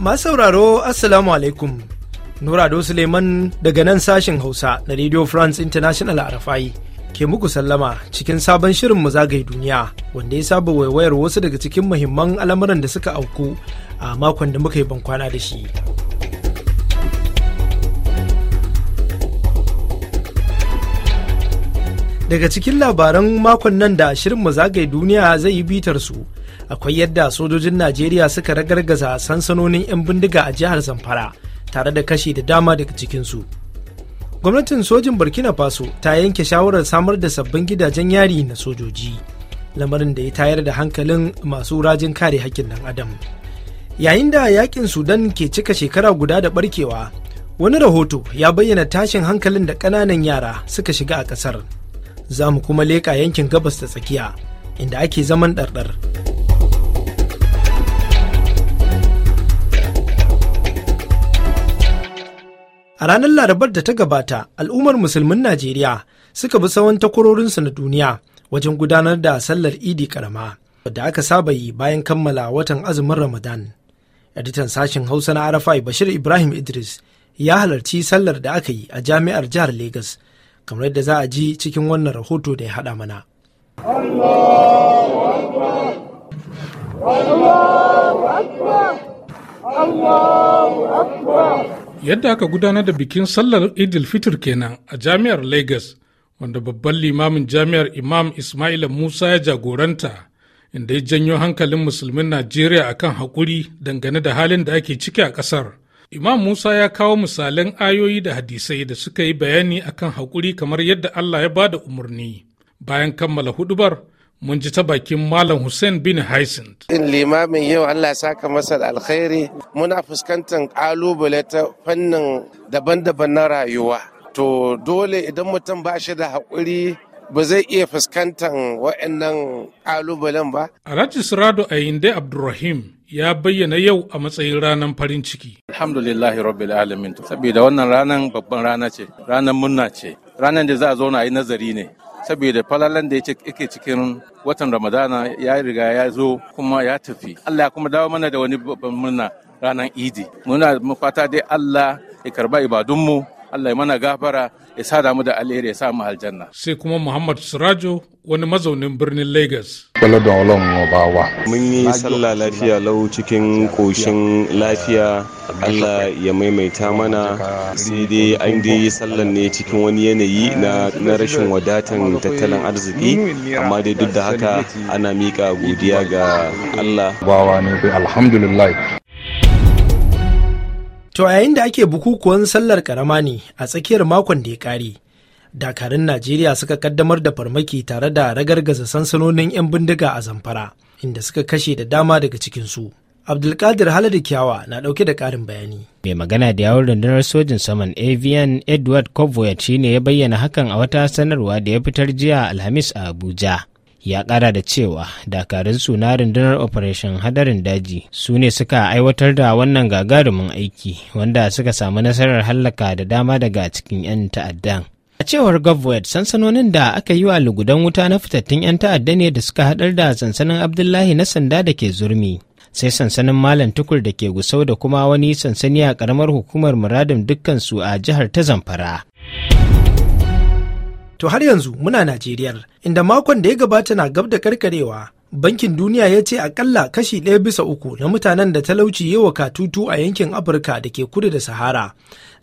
Masu sauraro Assalamu alaikum. Nurado Suleiman daga nan sashen Hausa na Radio France International Arafai ke muku sallama cikin sabon shirin mu zagaye duniya wanda ya saba waiwayar wasu daga cikin muhimman al'amuran da suka auku a makon da muka yi bankwana da shi. Daga cikin labaran makon nan da shirin mu zagaye duniya zai yi bitar su. akwai yadda sojojin najeriya suka ragargaza sansanonin 'yan bindiga a jihar zamfara tare da kashi da dama daga cikinsu gwamnatin sojin burkina faso ta yanke shawarar samar da sabbin gidajen yari na sojoji lamarin da ya tayar da hankalin masu rajin kare hakkin ɗan adam yayin da yakin sudan ke cika shekara guda da barkewa wani rahoto ya bayyana tashin hankalin da ƙananan yara suka shiga a ƙasar za mu kuma leƙa yankin gabas da tsakiya inda ake zaman ɗarɗar. A ranar Larabar da ta gabata, al'ummar musulmin Najeriya suka bi sawon takwarorinsu na duniya wajen gudanar da sallar Idi karama da aka saba yi bayan kammala watan azumin Ramadan. Editan sashen Hausa na Arafai Bashir Ibrahim Idris ya halarci sallar da aka yi a jami'ar jihar Legas, kamar yadda za a ji cikin wannan rahoto da ya haɗa mana. Yadda aka gudanar da bikin sallar Idil Fitir kenan a jami'ar Lagos, wanda babban limamin jami'ar Imam Ismaila Musa ya jagoranta, inda ya janyo hankalin musulmin Najeriya akan haƙuri dangane da halin da ake ciki a ƙasar. Imam Musa ya kawo misalan ayoyi da hadisai da suka yi bayani akan haƙuri kamar yadda Allah ya ba da umarni. Bayan kammala hudubar, mun ji ta bakin Malam Hussein bin In Limamin yau Allah saka masa alkhairi muna fuskantar kalubale ta fannin daban-daban na rayuwa. To dole idan mutum ba shi da haƙuri ba zai iya fuskantar waɗannan kalubalen ba. Alhaji Sirado Ayinde Abdulrahim ya bayyana yau a matsayin ranar farin ciki. Alhamdulillah rabbil alamin. Saboda wannan ranar babban rana ce, ranar murna ce, ranar da za a zauna na yi nazari ne. saboda falalan da yake cikin watan ramadana ya riga ya zo kuma ya tafi allah ya kuma dawo mana da wani babban murna ranar idi muna fata dai allah ya karba ibadunmu Allah ya mana gafara ya sada mu da alheri ya sa mu aljanna sai kuma Muhammad Surajo wani mazaunin birnin Lagos Baladon Olon Obawa mun yi sallah lafiya lau cikin koshin lafiya Allah ya maimaita mana sai dai an yi sallan ne cikin wani yanayi na rashin wadatan tattalin arziki amma dai duk da haka ana miƙa godiya ga Allah bawa ne alhamdulillah To a yayin da ake bukukuwan sallar karama ne a tsakiyar makon da ya kare. Dakarun Najeriya suka kaddamar da farmaki tare da ragargaza sansanonin 'yan bindiga a Zamfara, inda suka kashe da dama daga cikinsu. Abdulkadir Haladu Kyawa na ɗauke da ƙarin bayani. Mai magana da yawon rundunar sojin saman Avian Edward Kovoyat shi ne ya bayyana hakan a wata sanarwa da ya fitar jiya Alhamis a Abuja. ya kara da cewa dakarun suna rundunar operation hadarin daji su ne suka aiwatar da wannan gagarumin aiki wanda suka samu nasarar hallaka da dama daga cikin 'yan ta'addan a cewar govwet sansanonin da aka yi wa lugudan wuta na fitattun 'yan ta'adda ne da suka haɗar da sansanin abdullahi na sanda da ke zurmi sai sansanin malam tukur da ke gusau da kuma wani sansani a karamar hukumar muradin dukkansu a jihar ta zamfara To har yanzu muna Najeriyar, inda makon da ya gabata na gab da karkarewa, Bankin Duniya ya ce akalla kashi ɗaya bisa uku na mutanen da talauci ya wa katutu a yankin Afirka da ke kudu da Sahara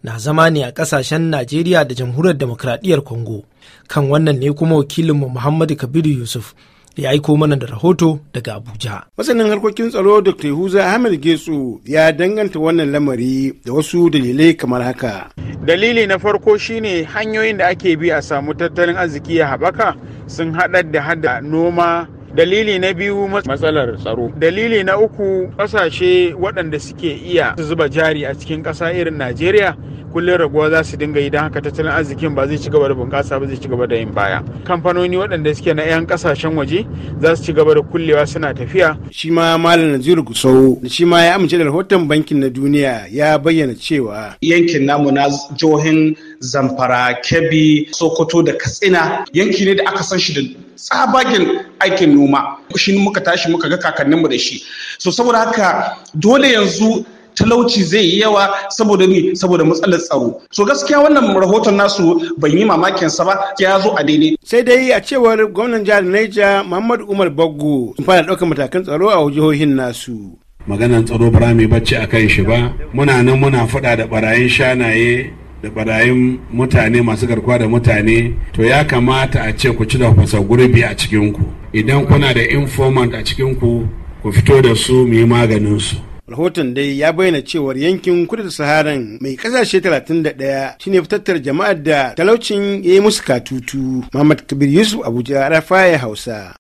na zama ne a ƙasashen Najeriya da Jamhuriyar Demokradiyyar Congo. Kan wannan ne kuma wakilinmu Muhammadu Kabiru Yusuf ya aiko mana da rahoto daga Abuja. Masanin harkokin tsaro Dr. Huza Ahmed Getsu ya danganta wannan lamari da wasu dalilai kamar haka. dalili na farko shine hanyoyin da ake bi a samu tattalin arziki ya haɓaka sun haɗar da hada noma dalili na biyu matsalar tsaro dalili na uku kasashe waɗanda suke iya zuba jari a cikin ƙasa irin najeriya kullum raguwa za su dinga yi haka tattalin arzikin ba zai ci gaba da bunƙasa ba zai ci gaba da yin baya kamfanoni waɗanda suke na 'yan ƙasashen waje za su ci gaba da kullewa suna tafiya shi ma malam naziru gusau shi ma ya amince da rahoton bankin na duniya ya bayyana cewa yankin namu na jihohin zamfara kebbi sokoto da katsina yanki ne da aka san shi da tsabagen aikin noma shi muka tashi muka ga kakanninmu da shi so saboda haka dole yanzu talauci zai yi yawa saboda ni saboda matsalar tsaro so gaskiya wannan rahoton nasu ban yi mamakin sa ba ya zo a daidai sai dai a cewar gwamnan jihar neja Muhammad Umar Baggo sun fara ɗaukar matakan tsaro a jihohin nasu maganan tsaro ba mai bacci a kan shi ba muna nan muna fada da barayin shanaye da barayin mutane masu garkuwa da mutane to ya kamata a ce ku ci da fasa gurbi a cikinku idan kuna da informant a cikinku ku fito da su mu yi maganinsu rahoton dai ya bayyana cewar yankin kudu da saharan mai kasashe 31 shine fitattar jama'ar da talaucin ya yi musu katutu muhammad kabir yusuf abuja rafaya hausa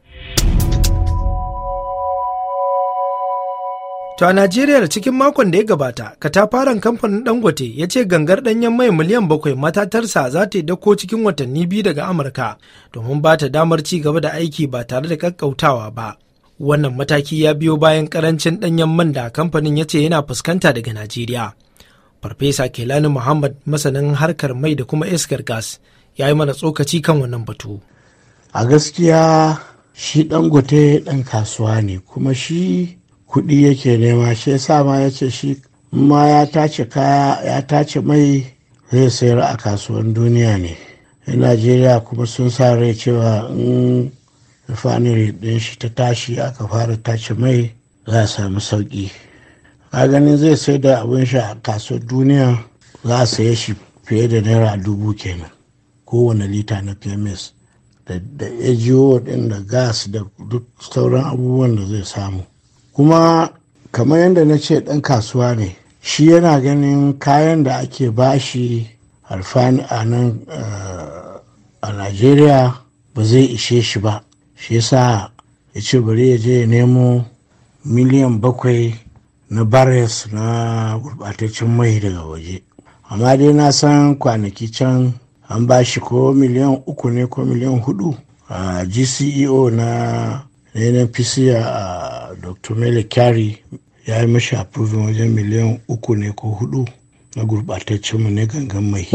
To a Najeriya cikin makon da ya gabata, katafaren kamfanin Dangote ya ce gangar ɗanyen mai miliyan bakwai matatarsa za ta yi dako cikin watanni biyu daga Amurka domin ba ta damar ci gaba da aiki ba tare da kakkautawa ba. Wannan mataki ya biyo bayan karancin ɗanyen man da kamfanin ya ce yana fuskanta daga Najeriya. Farfesa Kelani Muhammad masanin harkar mai da kuma iskar gas ya yi mana tsokaci kan wannan batu. A gaskiya shi Dangote ɗan kasuwa ne kuma shi kuɗi yake nema shi yasa ma ya ce shi ma ya tace kaya ya tace mai zai sayar a kasuwan duniya ne yan najeriya kuma sun sa rai cewa in refinery ɗin shi ta tashi aka fara tace mai za a samu sauƙi a ganin zai sai da abin shi a kasuwar duniya za a saye shi fiye da naira dubu kenan kowane lita na kemis da ajiyo ɗin da gas da duk sauran abubuwan da zai samu kuma kamar yadda na ce ɗan kasuwa ne shi yana ganin kayan da ake bashi alfani a nan eh, a najeriya ba zai ishe shi ba shi yasa ya ce bari ya je ya nemo miliyan bakwai na barres na gurɓataccen mai daga waje amma dai na san kwanaki can an ba shi ko miliyan uku ne ko miliyan hudu ah, e a gceo na nnpc a dr mele kyari ya yi mashi approving wajen miliyan uku ne ko hudu na gurɓataccen mu ne gangan mai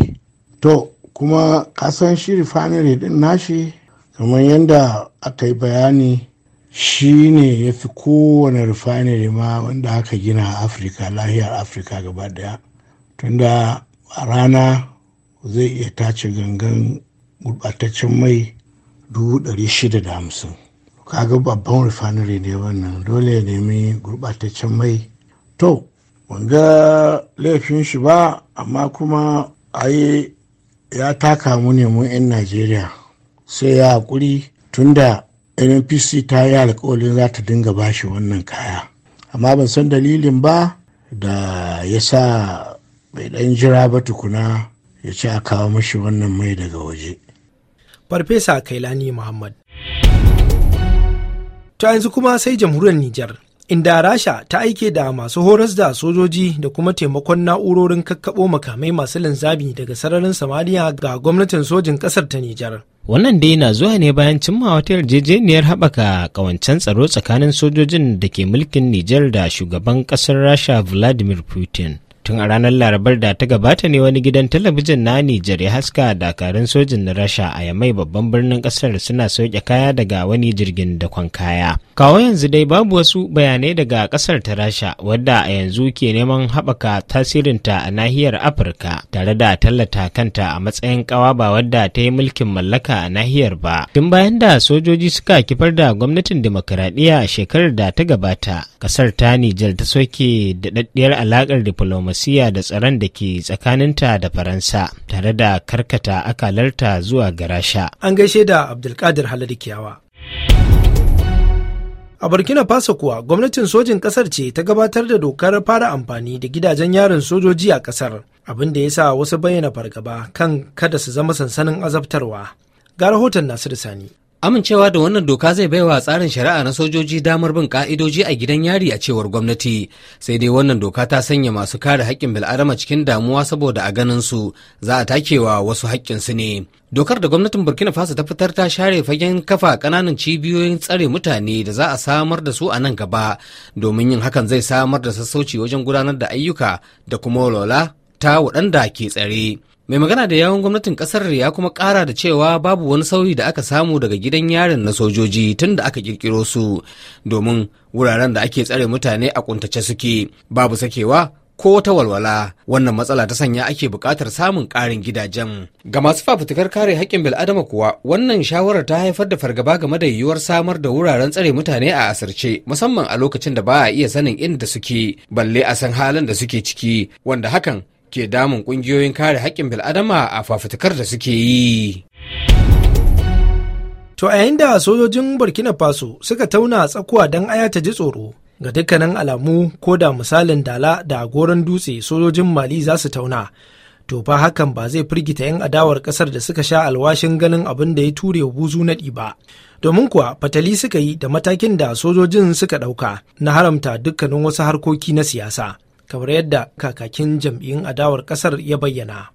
to kuma kasan shi refinery din nashi kamar yadda aka yi bayani shi ne ya fi kowane refinery ma wanda aka gina a afirka lahiyar afirka gaba daya tunda a rana zai iya tace gangan gurɓataccen mai 650 kaga babban refinery ne wannan dole ya nemi gurɓataccen mai to wanga laifin shi ba amma kuma ayi ya taka mu ne mu 'yan najeriya sai ya haƙuri tunda nnpc ta yi alkawalin za ta dinga bashi wannan kaya amma ban san dalilin ba da ya sa bai ɗan jira ba tukuna ya ci a kawo mashi wannan mai daga waje farfesa kailani muhammad To yanzu kuma sai jamhuriyar Nijar, inda Rasha ta aike da masu horas da sojoji da kuma taimakon na'urorin kakkaɓo makamai masu linzami daga sararin Samariya ga gwamnatin sojin ƙasar ta Nijar. Wannan dai na zuwa ne bayan cimma wata yarjejeniyar haɓaka ƙawancen tsaro tsakanin sojojin da ke mulkin Nijar da shugaban ƙasar Rasha Vladimir Putin. tun a ranar larabar da ta gabata ne wani gidan talabijin na nijar ya haska dakarun sojin na rasha a yamai babban birnin kasar suna sauke kaya daga wani jirgin dakon kaya kawo yanzu dai babu wasu bayanai daga kasar ta rasha wadda a yanzu ke neman haɓaka tasirinta a nahiyar afirka tare da tallata kanta a matsayin kawa ba wadda ta yi mulkin mallaka a nahiyar ba tun bayan da sojoji suka kifar da gwamnatin dimokuraɗiyya shekarar da ta gabata kasar ta nijar ta soke daɗaɗɗiyar alaƙar diplomasiyya diflomasiyya da tsaron da ke tsakaninta da faransa tare da karkata akalarta zuwa garasha an gaishe da abdulkadir haladikiyawa a burkina faso kuwa gwamnatin sojin kasar ce ta gabatar da dokar fara amfani da gidajen yarin sojoji a kasar abin da ya sa wasu bayyana fargaba kan kada su zama sansanin azabtarwa ga rahoton nasiru sani Amincewa da wannan doka zai baiwa tsarin shari'a na sojoji damar bin ka'idoji a gidan yari a cewar gwamnati, sai dai wannan doka ta sanya masu kare haƙƙin bil'adama cikin damuwa saboda a ganin su za a takewa wasu su ne. Dokar da gwamnatin Burkina Faso ta fitar ta share fagen kafa ƙananan cibiyoyin tsare mutane da za a samar da su a nan gaba, domin yin hakan zai samar da sassauci wajen gudanar da ayyuka da kuma walwala ta waɗanda ke tsare. mai magana da yawun gwamnatin kasar ya kuma kara da cewa babu wani sauyi da aka samu daga gidan yarin na sojoji tun da aka kirkiro su domin wuraren da ake tsare mutane a kuntace suke babu sakewa ko ta walwala wannan matsala ta sanya ake buƙatar samun karin gidajen ga masu fafutukar kare haƙƙin bil'adama kuwa wannan shawarar ta haifar da fargaba game da yiwuwar samar da wuraren tsare mutane a asirce musamman a lokacin da ba a iya sanin inda suke balle a san halin da suke ciki wanda hakan ke damun kungiyoyin kare haƙƙin bil'adama a fafutukar da suke yi. To a yayin da sojojin Burkina Faso suka tauna tsakuwa don aya ta ji tsoro ga dukkanin alamu ko da misalin dala da goron dutse sojojin Mali za su tauna. To fa hakan ba zai firgita 'yan adawar ƙasar da suka sha alwashin ganin abin da ya ture buzu naɗi ba. Domin kuwa fatali suka yi da matakin da sojojin suka ɗauka na haramta dukkanin wasu harkoki na siyasa. kamar yadda kakakin jam'iyyun adawar kasar ya bayyana.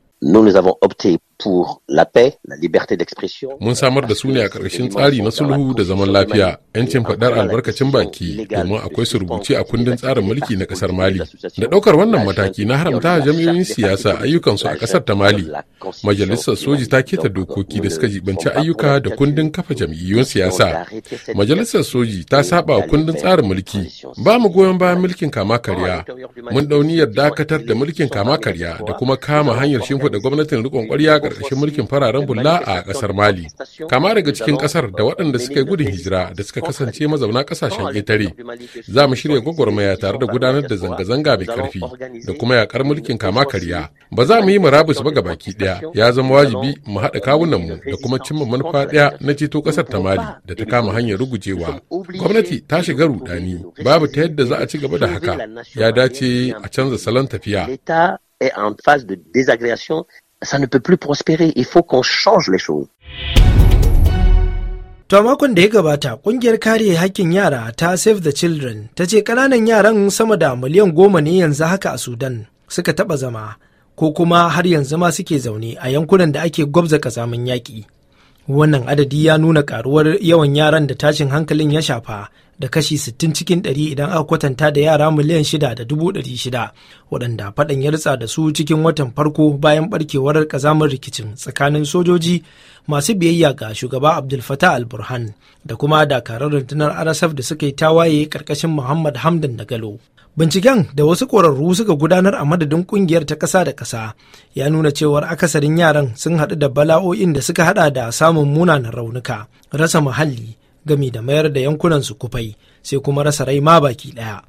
Mun samar da su ne a ƙarshen tsari na sulhu da zaman lafiya, 'yancin faɗar albarkacin baki domin akwai su rubuce a kundin tsarin mulki na ƙasar Mali. Da ɗaukar wannan mataki na haramta jami'oyin siyasa ayyukansu a ƙasar ta Mali. Majalisar soji ta keta dokoki da suka jibanci ayyuka da kundin kafa jam'iyyun siyasa. Majalisar soji ta saba wa kundin tsarin mulki. Ba mu goyon bayan mulkin kama karya. Mun ɗauniyar dakatar da mulkin kama karya da kuma kama hanyar shimfiɗa gwamnatin riƙon ƙwarya ƙarƙashin mulkin fararen bulla a ƙasar Mali. Kama daga cikin ƙasar da waɗanda suka yi gudun hijira da suka kasance mazauna ƙasashen ƙetare. Za mu shirya gwagwarmaya tare da gudanar da zanga-zanga mai ƙarfi da kuma yaƙar mulkin kama karya. Ba za mu yi murabus ba gabaki ɗaya. Ya zama wajibi mu haɗa kawunanmu da kuma cimma manufa ɗaya na ceto ƙasar ta Mali da ta kama hanyar rugujewa. Gwamnati ta shiga rudani. Babu ta yadda za a ci gaba da haka. Ya dace a canza salon tafiya. est en de ça ne peut plus prospérer. Il faut qu'on change les choses. To makon da ya gabata kungiyar kare hakkin yara ta Save the Children ta ce ƙananan yaran sama da miliyan goma ne yanzu haka a Sudan suka taɓa zama ko kuma har yanzu ma suke zaune a yankunan da ake gwabza kazamin yaƙi. Wannan adadi ya nuna ƙaruwar yawan yaran da tashin hankalin ya shafa da kashi 60 cikin 100 idan aka kwatanta da yara miliyan da 6.600 waɗanda faɗan ya ritsa da su cikin watan farko bayan barkewar ƙazamar rikicin tsakanin sojoji masu biyayya ga shugaba Abdul Fattah al-Burhan da kuma dakarar rundunar RSF da suka yi tawaye ƙarƙashin Muhammad Hamdan da galo Binciken da wasu ƙwararru suka gudanar a madadin ƙungiyar ta ƙasa da ƙasa ya nuna cewar akasarin yaran sun haɗu da bala'o'in da suka haɗa da samun munanan raunuka, rasa muhalli, gami da mayar da yankunan su kufai sai kuma rasa rai ma baki ɗaya.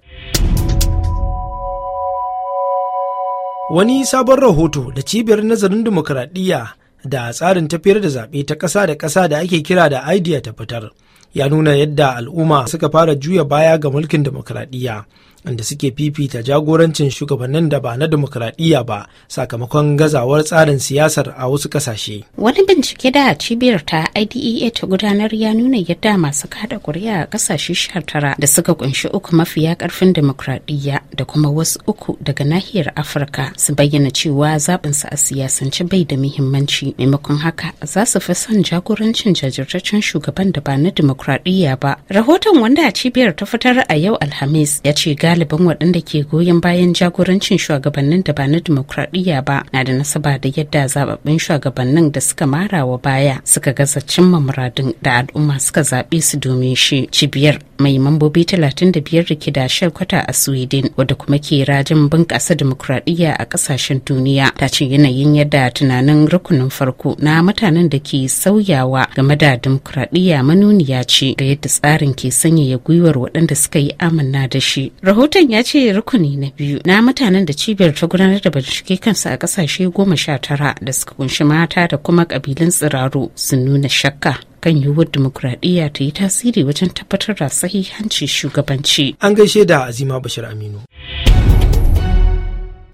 Wani sabon rahoto da cibiyar nazarin dimokuraɗiyya da tsarin tafiyar da zaɓe ta ƙasa da ƙasa da ake kira da idea ta fitar ya nuna yadda al'umma suka fara juya baya ga mulkin dimokuraɗiyya wanda suke fifita jagorancin shugabannin da ba na demokradiyya ba sakamakon gazawar tsarin siyasar a wasu kasashe. Wani bincike da cibiyar ta IDEA ta gudanar ya nuna yadda masu kada kuri'a a kasashe tara da suka kunshi uku mafiya karfin demokradiyya da kuma wasu uku daga nahiyar Afirka su bayyana cewa su a siyasance bai da muhimmanci maimakon haka za su fi son jagorancin jajirtaccen shugaban da ba na demokradiyya ba. Rahoton wanda cibiyar ta fitar a yau Alhamis ya ce galibin waɗanda ke goyon bayan jagorancin shugabannin da ba na dimokuraɗiyya ba na da nasaba da yadda zababbin shugabannin da suka mara wa baya suka gaza cimma muradin da al'umma suka zaɓe su domin shi cibiyar mai mambobi 35 da ke da kwata a sweden wadda kuma ke rajin bunƙasa dimokuraɗiyya a ƙasashen duniya ta ce yanayin yadda tunanin rukunin farko na mutanen da ke sauyawa game da dimokuraɗiyya manuniya ce ga yadda tsarin ke sanyaya gwiwar waɗanda suka yi amanna da shi rahoton ya ce rukuni na biyu na mutanen da cibiyar ta gudanar da bincike kansa a kasashe goma sha tara da suka kunshi mata da kuma kabilun tsiraru sun nuna shakka kan yiwuwar dimokuraɗiyya ta yi tasiri wajen tabbatar da sahihanci shugabanci. An gaishe da Azima Bashir Aminu.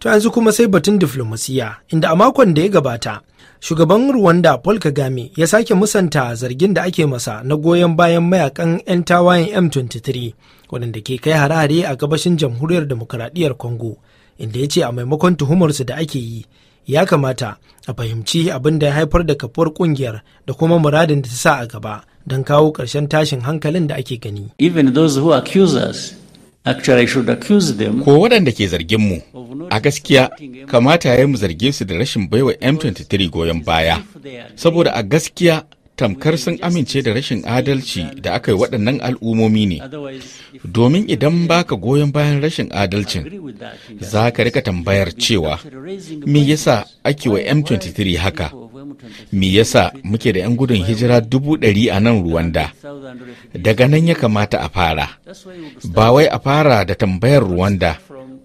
To yanzu kuma sai batun diflomasiya inda a makon da ya gabata shugaban Rwanda Paul Kagame ya sake musanta zargin da ake masa na goyon bayan mayakan 'yan tawayen M23 waɗanda ke kai harare a gabashin jamhuriyar demokuraɗiyyar congo inda ya ce a maimakon tuhumarsu da ake yi ya kamata a fahimci abin da ya haifar da kafuwar kungiyar da kuma muradin da ta sa a gaba don kawo ƙarshen tashin hankalin da ake gani. Even those who accuse us actually should them. Ko waɗanda ke zargin mu a gaskiya kamata ya yi mu zarge su da rashin baiwa M23 goyon baya saboda a gaskiya tamkar sun amince da rashin adalci da aka yi waɗannan al'ummomi ne domin idan baka goyon bayan rashin adalcin za ka rika tambayar cewa me yasa ake wa m23 haka me yasa muke da 'yan gudun hijira dubu ɗari a nan ruwanda daga nan ya kamata a fara ba wai a fara da tambayar ruwanda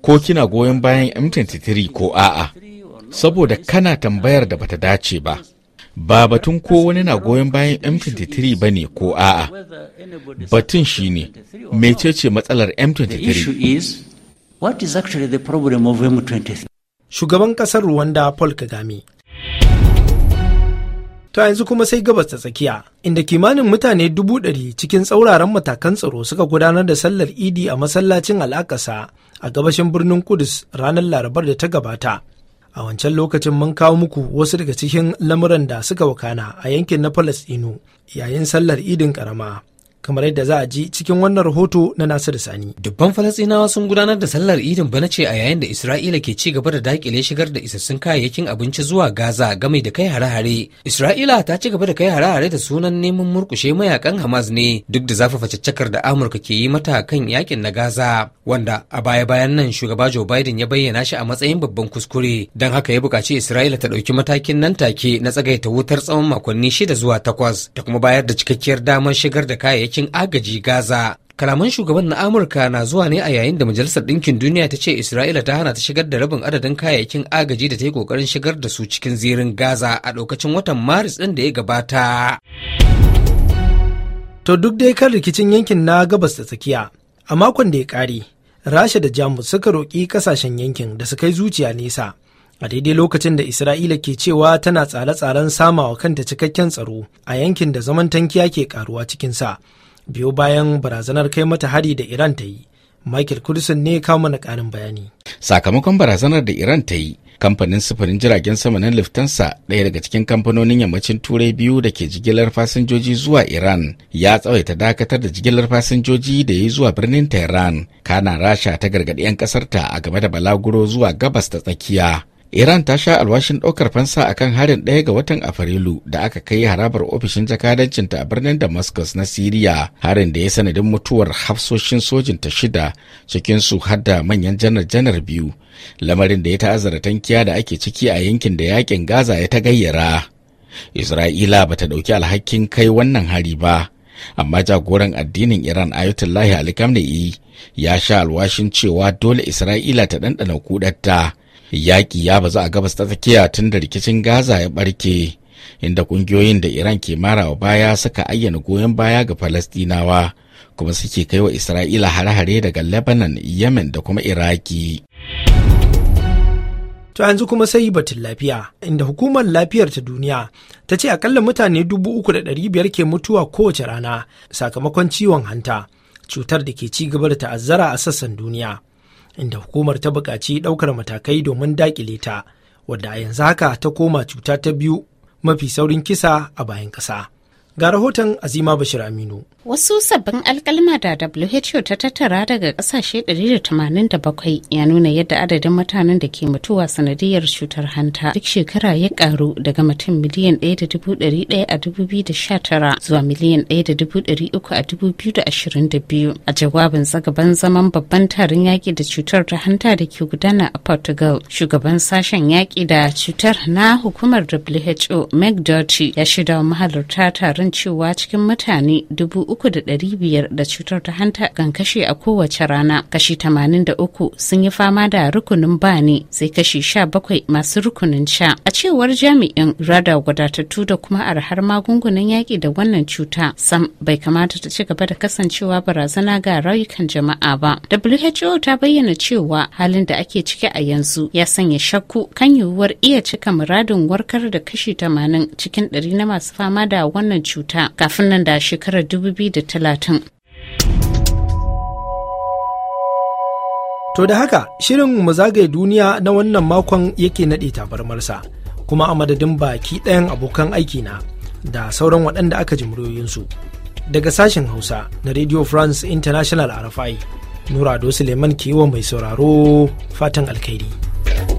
ko kina goyon bayan m23 ko a'a saboda kana tambayar da bata dace ba ba batun ko wani na goyon bayan m23 ba ne ko a'a batun shi ne mecece matsalar m23 shugaban kasar rwanda paul kagame to yanzu kuma sai gabas ta tsakiya inda kimanin mutane dubu ɗari cikin tsauraran matakan tsaro suka gudanar da sallar idi a masallacin al'akasa a gabashin birnin kudus ranar larabar da ta gabata a wancan lokacin mun kawo muku wasu daga cikin lamuran da suka wakana a yankin na Falasɗinu yayin sallar idin ƙarama. kamar yadda za a ji cikin wannan rahoto na Nasir Sani. Dubban Falasɗinawa sun gudanar da sallar Idin bana ce a yayin da Isra'ila ke ci gaba da dakile shigar da isassun kayayyakin abinci zuwa Gaza game da kai hare-hare. Isra'ila ta ci gaba da kai hare-hare da sunan neman murkushe mayakan Hamas ne duk da zafafa caccakar da Amurka ke yi mata kan yakin na Gaza wanda a baya-bayan nan shugaba Joe Biden ya bayyana shi a matsayin babban kuskure don haka ya buƙaci Isra'ila ta ɗauki matakin nan take na tsagaita wutar tsawon makonni shida zuwa takwas da kuma bayar da cikakkiyar damar shigar da kayayyakin kayayyakin agaji Gaza. Kalaman shugaban na Amurka na zuwa ne a yayin da Majalisar Ɗinkin Duniya ta ce Isra'ila ta hana ta shigar da rabin adadin kayayyakin agaji da ta yi ƙoƙarin shigar da su cikin zirin Gaza a ɗaukacin watan Maris ɗin da ya gabata. To duk dai kan rikicin yankin na gabas da tsakiya, a makon da ya ƙare, Rasha da Jamus suka roƙi ƙasashen yankin da su kai zuciya nesa a daidai lokacin da isra'ila ke cewa tana tsare-tsaren samawa kanta cikakken tsaro a yankin da zaman tankiya ke karuwa cikinsa biyo bayan barazanar kai mata hari da iran ta yi michael kudusun ne kawo mana karin bayani sakamakon barazanar da iran ta yi kamfanin sufurin jiragen sama na liftansa ɗaya daga cikin kamfanonin yammacin turai biyu da ke jigilar fasinjoji zuwa iran ya tsawaita dakatar da jigilar fasinjoji da ya yi zuwa birnin tehran kana rasha ta gargaɗi 'yan ƙasarta a game da balaguro zuwa gabas ta tsakiya Iran ta sha alwashin ɗaukar fansa a kan harin ɗaya ga watan Afrilu da aka kai harabar ofishin jakadancinta a birnin Damascus na Siriya, harin da ya sanadin mutuwar hafsoshin sojinta shida cikin su da manyan janar-janar biyu, lamarin da ya ta'azzara tankiya da ake ciki a yankin da yakin Gaza ya ta gayyara. Isra'ila ba ta ɗauki alhakin kai wannan hari ba. amma jagoran addinin Iran Ayatollah Ali Khamenei ya sha alwashin cewa dole Isra'ila ta ɗanɗana kudatta yaƙi ya bazu a gabas ta tsakiya tun da rikicin gaza ya ɓarke inda ƙungiyoyin da iran ke marawa baya suka ayyana goyon baya ga falastinawa kuma suke kai wa isra'ila har hare daga lebanon yemen da kuma iraki to yanzu kuma sai batun lafiya inda hukumar lafiyar ta duniya ta ce akalla mutane dubu uku da ɗari biyar ke mutuwa kowace rana sakamakon ciwon hanta cutar da ke ci gaba da ta'azzara a sassan duniya inda hukumar ta buƙaci ɗaukar matakai domin daƙile ta wadda a yanzu haka ta koma cuta ta biyu mafi saurin kisa a bayan ƙasa. Ga rahoton Azima Bashir Aminu. Wasu sabbin alkalma da WHO ta tattara daga kasashe 187 ya nuna yadda adadin mutanen da ke mutuwa sanadiyar cutar hanta duk shekara ya karu daga mutum miliyan 1.100 a 2019 zuwa miliyan 1.300 a 2022. A jawabin gaban zaman babban taron yaƙi da cutar ta hanta da ke gudana a Portugal, shugaban sashen yaƙi da cutar na hukumar WHO Meg ya shida mahalarta taron cewa cikin mutane dubu uku da ɗari biyar da cutar ta hanta kan kashe a kowace rana kashi tamanin da uku sun yi fama da rukunin ba ne sai kashi sha bakwai masu rukunin sha a cewar jami'in rada wadatattu da kuma arhar magungunan yaƙi da wannan cuta sam bai kamata ta ci gaba da kasancewa barazana ga rayukan jama'a ba who ta bayyana cewa halin da ake ciki a yanzu ya sanya shakku kan yiwuwar iya cika muradin warkar da kashi tamanin cikin ɗari na masu fama da wannan cuta kafin nan da shekarar dubu talatin. To da haka shirin mu zagaye duniya na wannan makon yake naɗe tabarmarsa kuma a madadin baki ɗayan abokan aikina da sauran waɗanda aka ji muryoyinsu. Daga sashen Hausa na Radio France International RFI, Nura Ado Suleiman ke wa mai sauraro fatan alkhairi.